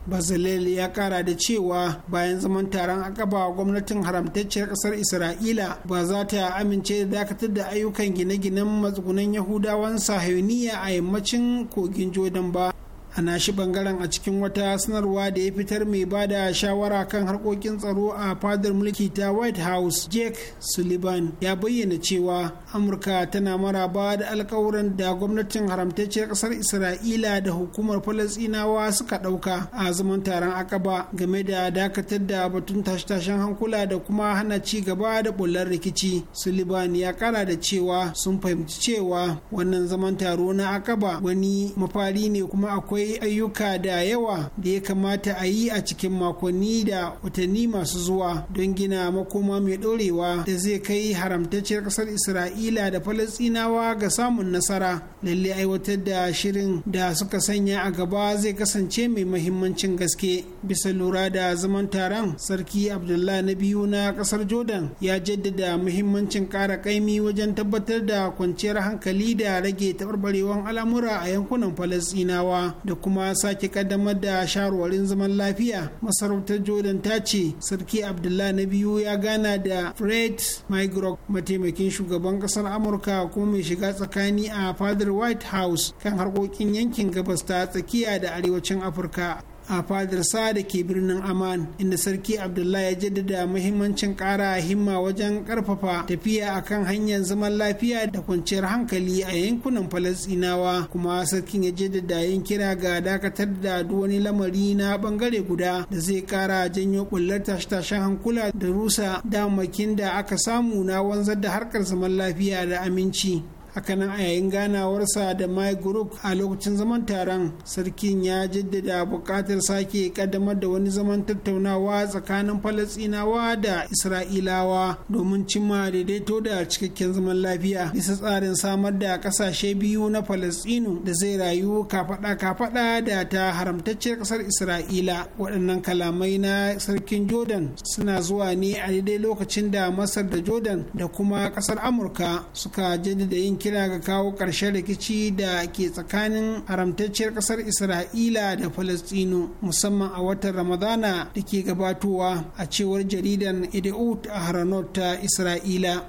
bazalel ya kara da cewa bayan zaman taron akaba gwamnatin haramtacciyar kasar isra'ila ba za ta amince da dakatar da ayyukan gine-ginen matsugunan yahudawan sahiyoniya a yammacin kogin jordan ba a nashi bangaren a cikin wata sanarwa da ya fitar mai ba da shawara kan harkokin tsaro a fadar mulki ta white house jake sullivan ya bayyana cewa amurka tana maraba da alkawuran da gwamnatin haramtacciyar kasar isra'ila da hukumar falasinawa suka dauka a zaman taron akaba game da dakatar da batun tashe-tashen hankula da kuma hana ci gaba da bullar rikici sullivan ya kara da cewa sun fahimci cewa wannan zaman taro na akaba wani mafari ne kuma akwai akwai ayyuka da yawa da ya kamata a yi a cikin makonni da watanni masu zuwa don gina makoma mai ɗorewa da zai kai haramtacciyar ƙasar isra'ila da falastinawa ga samun nasara lalle aiwatar da shirin da suka sanya a gaba zai kasance mai mahimmancin gaske bisa lura da zaman taron sarki abdullah na biyu na ƙasar jordan ya jaddada muhimmancin ƙara ƙaimi wajen tabbatar da kwanciyar hankali da rage taɓarɓarewar al'amura a yankunan falastinawa da kuma sake kaddamar da shawarwarin zaman lafiya masarautar jordan ta ce sarki abdullah na biyu ya gana da fred migrok mataimakin shugaban kasar amurka kuma mai shiga tsakani a fadar white house kan harkokin yankin gabas ta tsakiya da arewacin afirka a fadar sa da ke birnin aman inda sarki abdullahi ya jaddada muhimmancin kara himma wajen karfafa tafiya akan hanyar zaman lafiya da kwanciyar hankali a yankunan falasinawa kuma sarkin ya jaddada yin kira ga dakatar da wani lamari na bangare guda da zai kara janyo bullar tashe-tashen hankula da rusa damakin da aka samu na wanzar da harkar zaman lafiya da aminci hakanan a yayin ganawarsa da my group a lokacin zaman taron sarkin ya jaddada buƙatar sake kaddamar da wani zaman tattaunawa tsakanin falasinawa da isra'ilawa domin cimma daidaito da cikakken zaman lafiya bisa tsarin samar da ƙasashe biyu na falasinu da zai rayu kafaɗa-kafaɗa da ta haramtacciyar ƙasar isra'ila waɗannan kalamai na sarkin jordan suna zuwa ne a daidai lokacin da masar da jordan da kuma ƙasar amurka suka jaddada yin kira ga kawo ƙarshen rikici da ke tsakanin haramtacciyar ƙasar isra'ila da falastinu musamman a watan ramadana da ke gabatowa a cewar jaridan idaut a haranot ta isra'ila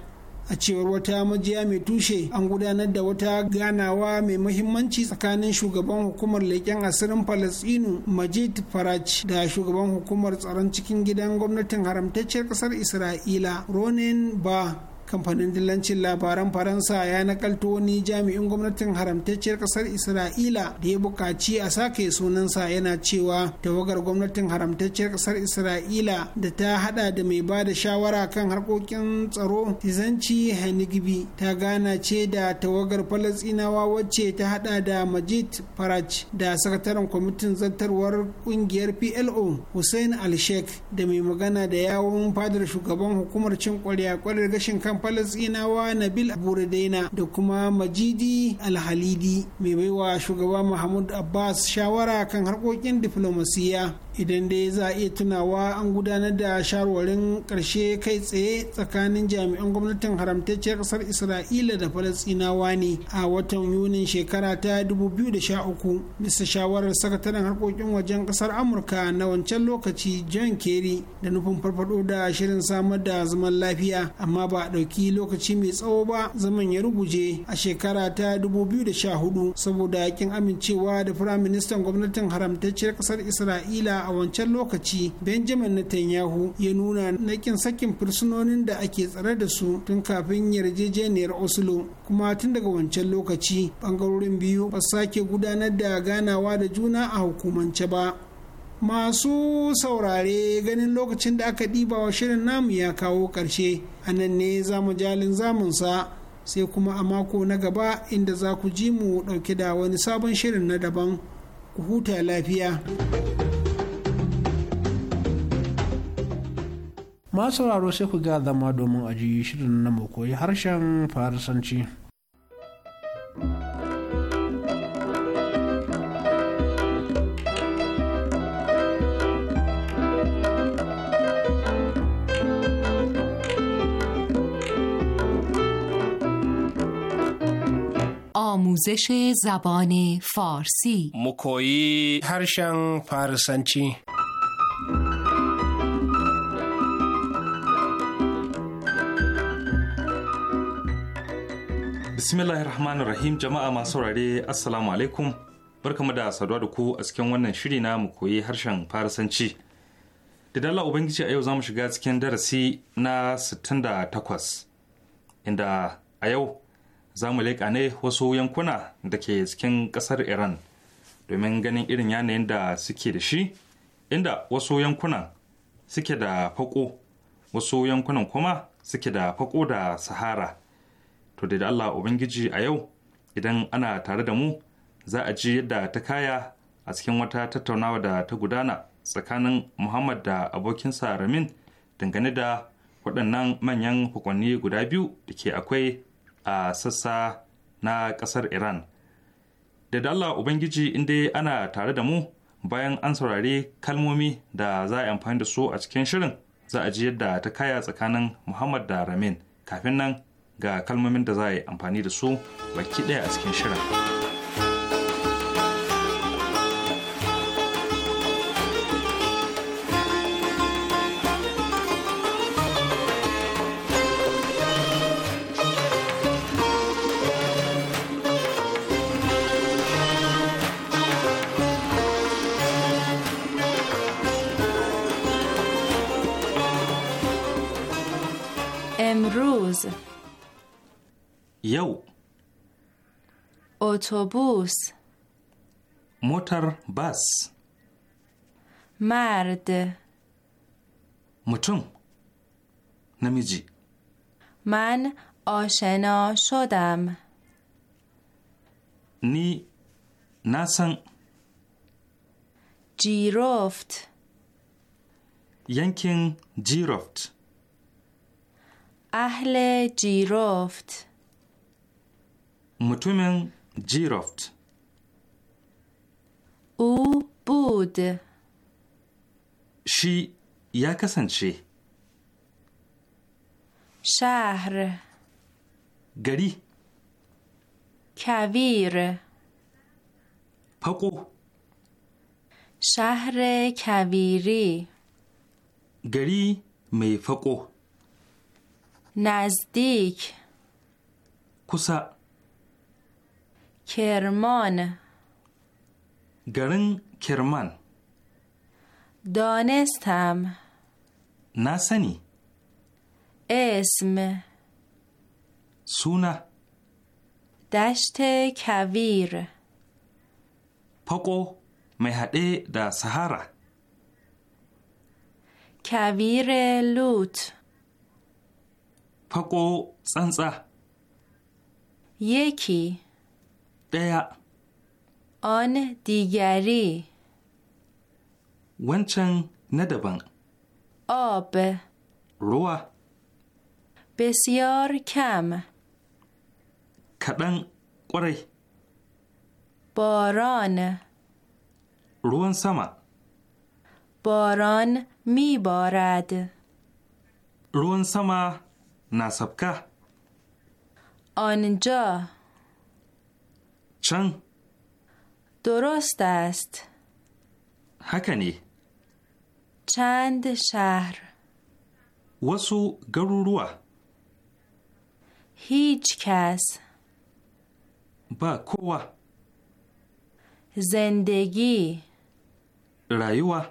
a cewar wata majiya mai tushe an gudanar da wata ganawa mai muhimmanci tsakanin shugaban hukumar leƙen asirin falasɗinu majid faraj da shugaban hukumar tsaron cikin gidan gwamnatin haramtacciyar ƙasar isra'ila ronin ba kamfanin dillancin labaran faransa ya nakalto wani jami'in gwamnatin haramtacciyar kasar isra'ila da ya bukaci a sake sunansa yana cewa tawagar gwamnatin haramtacciyar kasar isra'ila da ta hada da mai ba da shawara kan harkokin tsaro tizanci hanigbi ta gana ce da tawagar falasinawa wacce ta hada da majid faraj da sakataren kwamitin zartarwar kungiyar plo hussein al alshek da mai magana da yawon fadar shugaban hukumar cin kwarya kwarar gashin kan falasinawa nabil aburadaina da kuma majidi alhalidi mai baiwa shugaba mahmud abbas shawara kan harkokin diflomasiya idan dai za a iya tunawa an gudanar da shawarwarin ƙarshe kai tsaye tsakanin jami'an gwamnatin haramtacciyar ƙasar isra'ila da falasɗinawa ne a watan yunin shekara ta 2013 bisa shawarar sakataren harkokin wajen ƙasar amurka na wancan lokaci john kerry da nufin farfado da shirin samar da zaman lafiya amma ba a ɗauki lokaci mai tsawo ba zaman ya ruguje a shekara ta 2014 saboda yakin amincewa da firaministan gwamnatin haramtacciyar ƙasar isra'ila a wancan lokaci benjamin netanyahu ya nuna na kin sakin fursunonin da ake tsare da su tun kafin yarjejeniyar oslo kuma tun daga wancan lokaci bangarorin biyu ba sake gudanar da ganawa da juna a hukumance ba masu saurare ganin lokacin da aka ɗiba wa shirin namu ya kawo ƙarshe a nan ne za mu jalin zamunsa sai kuma a mako na gaba inda za ku ji mu ɗauke da wani sabon shirin na daban ku huta lafiya. masu sauraro sai ku ga zama domin ajiye shirin na mu koyi harshen farisanci. آموزش زبان فارسی مکویی harshen farisanci Bismillahir Rahmanir Rahim jama'a masu saurare Assalamu alaikum barkamu da saduwa da ku a cikin wannan shiri na mu koyi harshen Farisanci. Da dala Ubangiji a yau za mu shiga cikin darasi na 68 inda a yau za mu leƙa ne wasu yankuna da ke cikin ƙasar Iran domin ganin irin yanayin da suke da shi inda wasu yankunan suke da fako wasu yankunan kuma suke da faƙo da Sahara. to da Allah Ubangiji a yau idan ana tare da mu za a ji yadda ta kaya a cikin wata tattaunawa da ta gudana tsakanin Muhammad da abokinsa Ramin dangane da waɗannan manyan hukunni guda biyu da ke akwai a sassa na ƙasar Iran. Da Allah Ubangiji inda ana tare da mu bayan an saurari kalmomi da za a amfani da su a cikin shirin za a ji yadda ta kaya tsakanin Muhammad da Ramin kafin nan ga kalmomin da za a yi amfani da su baki ɗaya a cikin shirin. اتوبوس موتر بس مرد متون نمیجی من آشنا شدم نی ناسن جیرفت ینکین جیرفت اهل جیرفت متومن جیرفت او بود شی یا کسنچه شهر گری کویر پقو شهر کویری گری میفقو نزدیک کسا کرمان گرن کرمان دانستم نسنی اسم سونه دشت کویر پاکو مهده دا سهارا کویر لوت پاکو سنسه یکی ɗaya. On digari. Wancan na daban. Ob. Ruwa. Besiyar kam. Kaɗan ƙwarai. Boron. Ruwan sama. Boron mi borad. Ruwan sama na sabka. آنجا چن؟ درست است هکنی چند شهر وسو گرورو هیچ کس با کوه زندگی رایوه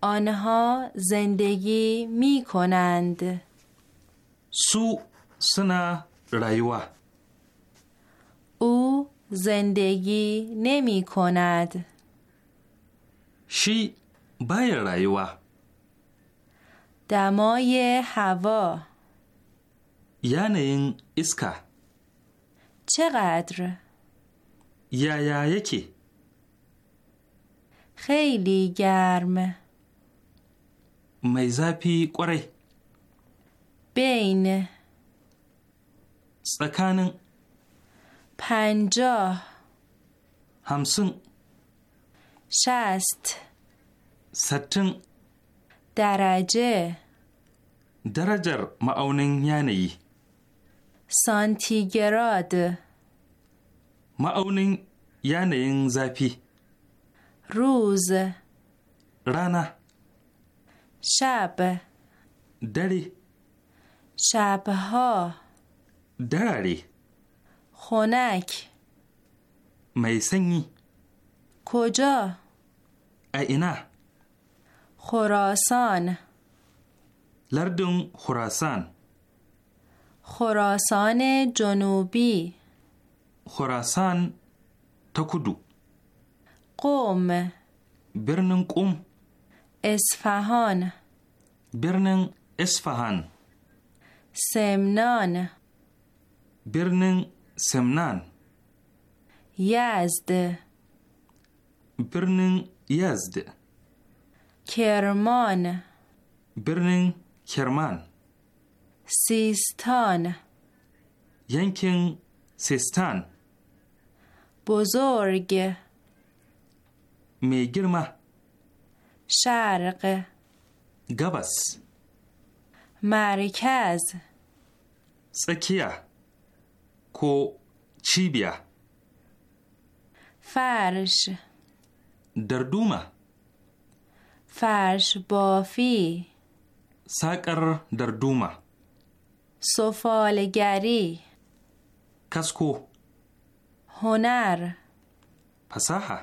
آنها زندگی می کنند سو سنا رایوه او زندگی نمی کند شی بای رایوا دمای هوا یعنی اسکا چقدر یا یا یکی خیلی گرم پی قره بین سکانن پنجاه همسن شست ستن درجه درجر معاونن یعنی سانتیگراد معاونن یعنی زفی روز رانا شب دری شبها دراری خنک mai sanyi کجا a ina خراسان لردن خراسان خراسان جنوبی خراسان تکدو قوم برنن قوم اصفهان برنن اصفهان سمنان برنن سمنان یزد برنن یزد کرمان برنن کرمان سیستان ینکن سیستان بزرگ میگرمه شرق گبس مرکز سکیه کو بیا؟ فرش دردومه فرش بافی ساکر دردومه سفالگری کسکو هنر پساحه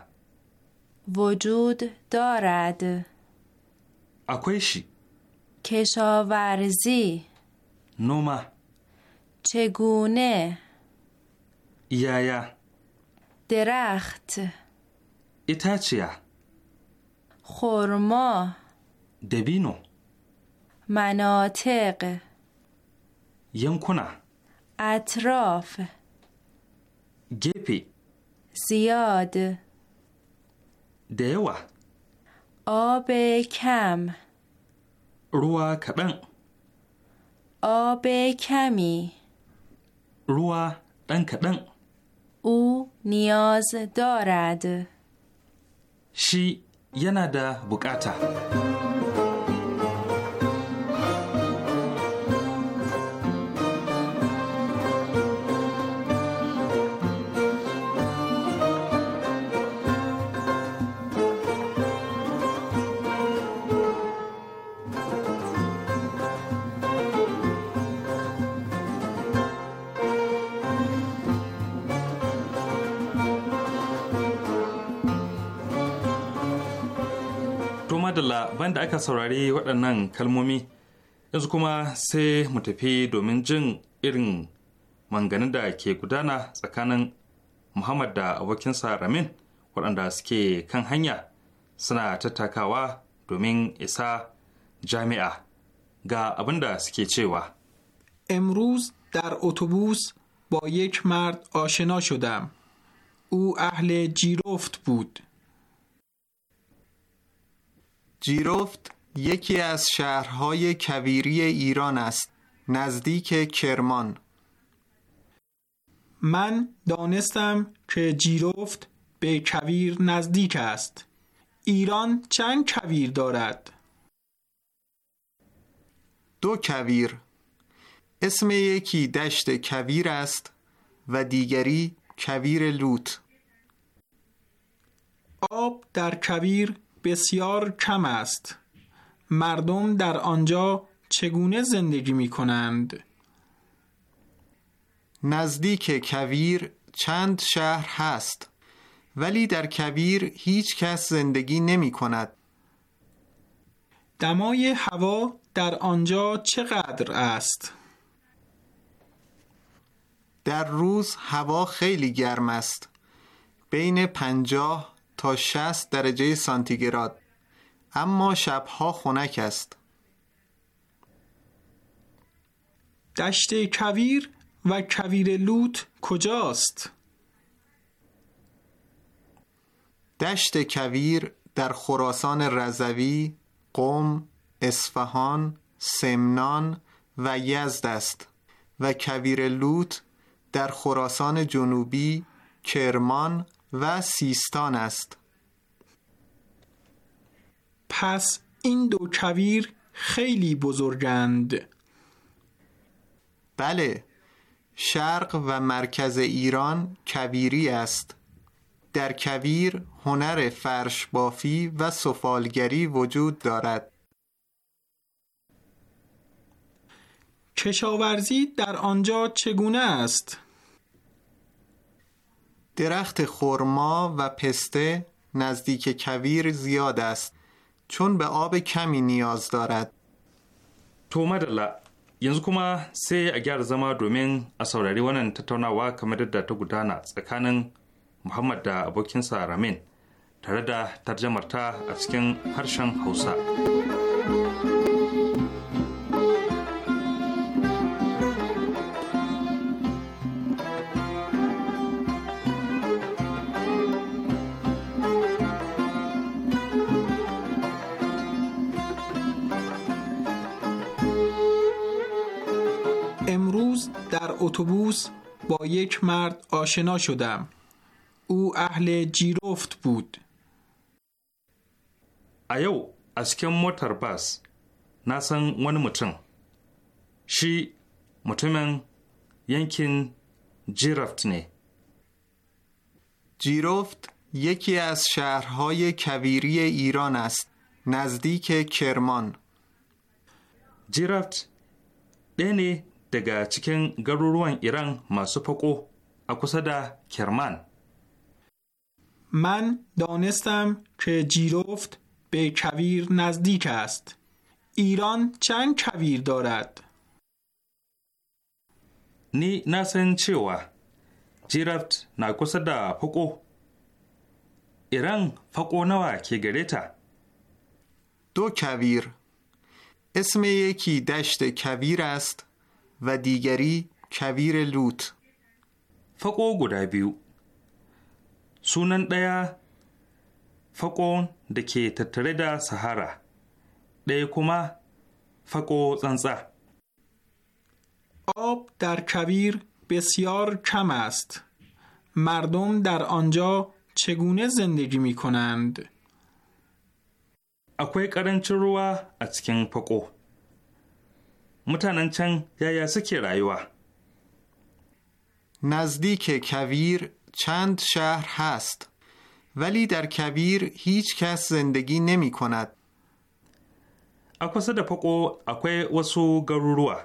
وجود دارد اکویشی کشاورزی نومه چگونه یایه درخت ایتاچیا خورما دبینو مناطق ینکونا اطراف گپی زیاد دیوه آب کم روا کدن آب کمی روا دن کدن او نیاز دارد شی یه نده بکاته madalla banda aka saurari waɗannan kalmomi yanzu kuma sai mu tafi domin jin irin manganin da ke gudana tsakanin muhammad da abokinsa ramin waɗanda suke kan hanya suna tattakawa domin isa jami'a ga abin da suke cewa امروز در اتوبوس با یک مرد آشنا شدم او اهل جیرفت بود جیرفت یکی از شهرهای کویری ایران است نزدیک کرمان من دانستم که جیرفت به کویر نزدیک است ایران چند کویر دارد؟ دو کویر اسم یکی دشت کویر است و دیگری کویر لوت آب در کویر بسیار کم است مردم در آنجا چگونه زندگی می کنند؟ نزدیک کویر چند شهر هست ولی در کویر هیچ کس زندگی نمی کند دمای هوا در آنجا چقدر است؟ در روز هوا خیلی گرم است بین پنجاه تا 60 درجه سانتیگراد اما شبها خنک است دشت کویر و کویر لوت کجاست؟ دشت کویر در خراسان رضوی، قم، اصفهان، سمنان و یزد است و کویر لوت در خراسان جنوبی، کرمان و سیستان است پس این دو کویر خیلی بزرگند بله شرق و مرکز ایران کویری است در کویر هنر فرش بافی و سفالگری وجود دارد کشاورزی در آنجا چگونه است؟ درخت خرما و پسته نزدیک کویر زیاد است چون به آب کمی نیاز دارد تو مدلا yanzu kuma sai a gyara zama domin a saurari wannan tattaunawa kamar yadda ta gudana tsakanin muhammad da abokinsa ramin tare da tarjamarta a cikin harshen hausa. اتوبوس با یک مرد آشنا شدم او اهل جیرفت بود ایو از کم موتر motar bas ون شی شی mutum جیرفت نه جیرفت یکی از شهرهای کویری ایران است نزدیک کرمان جیرفت دنی daga cikin garuruwan Iran masu fako a kusa da Kerman. من دانستم که جیروفت به کویر نزدیک است. ایران چند کویر دارد؟ نی نسن چیوا جیروفت ناکوس دا فقو ایران فقو نوا که گریتا دو کویر اسم یکی دشت کویر است و دیگری کویر لوت فقو گودا بیو سونن دیا فقو دکی ke سهارا. da sahara فقو زنزا آب در کویر بسیار کم است مردم در آنجا چگونه زندگی می کنند؟ اکوی کرنچ روا از کن mutanen can yaya suke rayuwa نزدیک کویر چند شهر هست ولی در کویر هیچ کس زندگی نمی کند. اکوسه دا پاکو وسو گروروا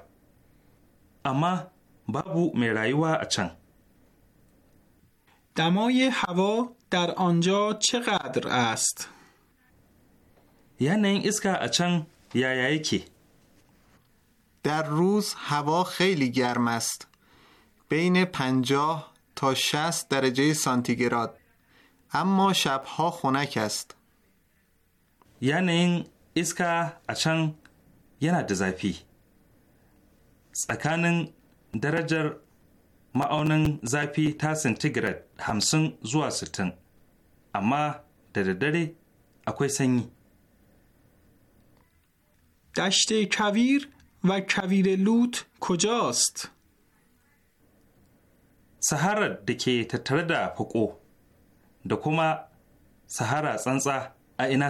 اما بابو می رایوا اچن دمای هوا در آنجا چقدر است؟ یعنی این اسکا اچن یا یکی در روز هوا خیلی گرم است بین 50 تا 60 درجه سانتیگراد اما شبها خنک است یعنی این اسکا اچن یعنی دزایفی سکانن درجه ma'aunin zafi ta centigrade 50 zuwa 60 amma da daddare akwai sanyi. دشت کویر و کویر لوت کجاست؟ سهر دکه تترد پکو دکوما kuma سنسا اینا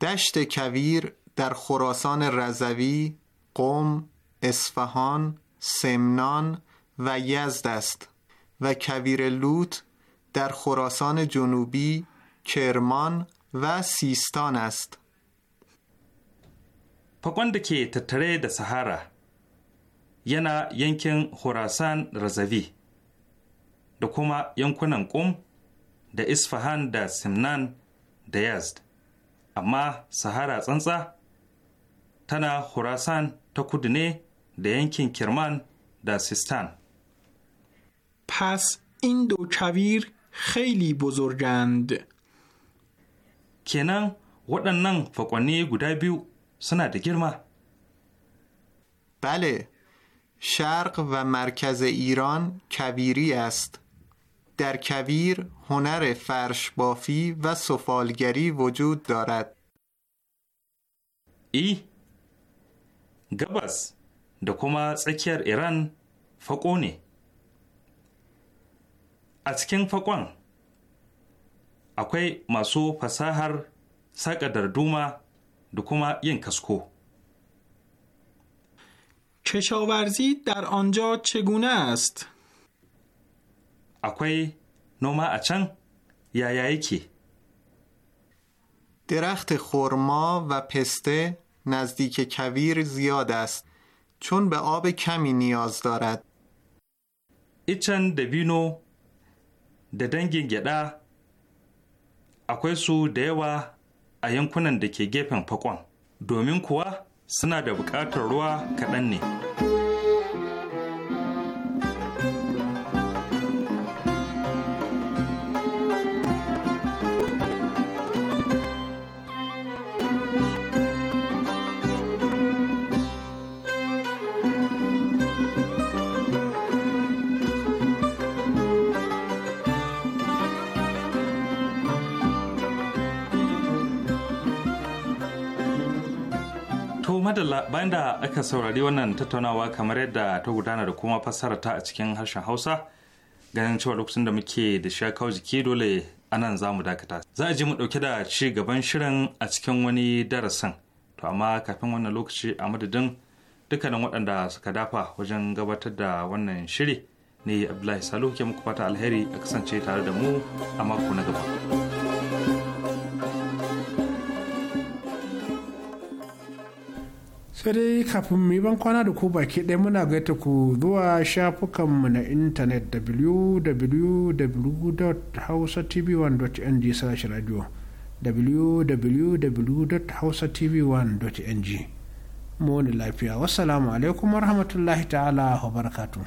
دشت کویر در خراسان رضوی، قوم، اصفهان، سمنان و یزد است و کویر لوت در خراسان جنوبی، کرمان و سیستان است. fakon da ke tattare da sahara yana yankin horasan razavi da kuma yankunan ƙum da isfahan da simnan da yazd amma sahara tsantsa tana horasan ta kudu ne da yankin kirman da sistan Pas indochavir دو haili خیلی Kenan waɗannan fakonni guda biyu suna da girma. Bale, شرق و مرکز ایران کویری است در کویر هنر فرش بافی و سفالگری وجود دارد ای da kuma tsakiyar Iran fako ne a cikin fakon akwai masu fasahar saka darduma da kuma yin کشاورزی در آنجا چگونه است؟ اکوی نوما اچن یا کی درخت خرما و پسته نزدیک کویر زیاد است چون به آب کمی نیاز دارد. ایچن دبینو ددنگین گدا اکوی سو دیو؟ a yankunan da ke gefen fakon domin kuwa suna da buƙatar ruwa kaɗan ne. madalla bayan da aka saurari wannan tattaunawa kamar yadda ta gudana da kuma fassara ta a cikin harshen hausa ganin cewa lokacin da muke da shakau jiki dole anan za mu dakata za a ji mu dauke da ci gaban shirin a cikin wani darasin to amma kafin wannan lokaci a madadin dukkanin waɗanda suka dafa wajen gabatar da wannan shiri ne abdullahi salihu ke muku fata alheri a kasance tare da mu a mako na gaba. sai dai kafin mu yi kwana da ku baki ɗaya muna gaita ku zuwa shafukanmu na intanet www.hausatv1.ng slash radio www.hausatv1.ng mu wani lafiya wassalamu alaikum warahmatullahi ta'ala wa barakatu.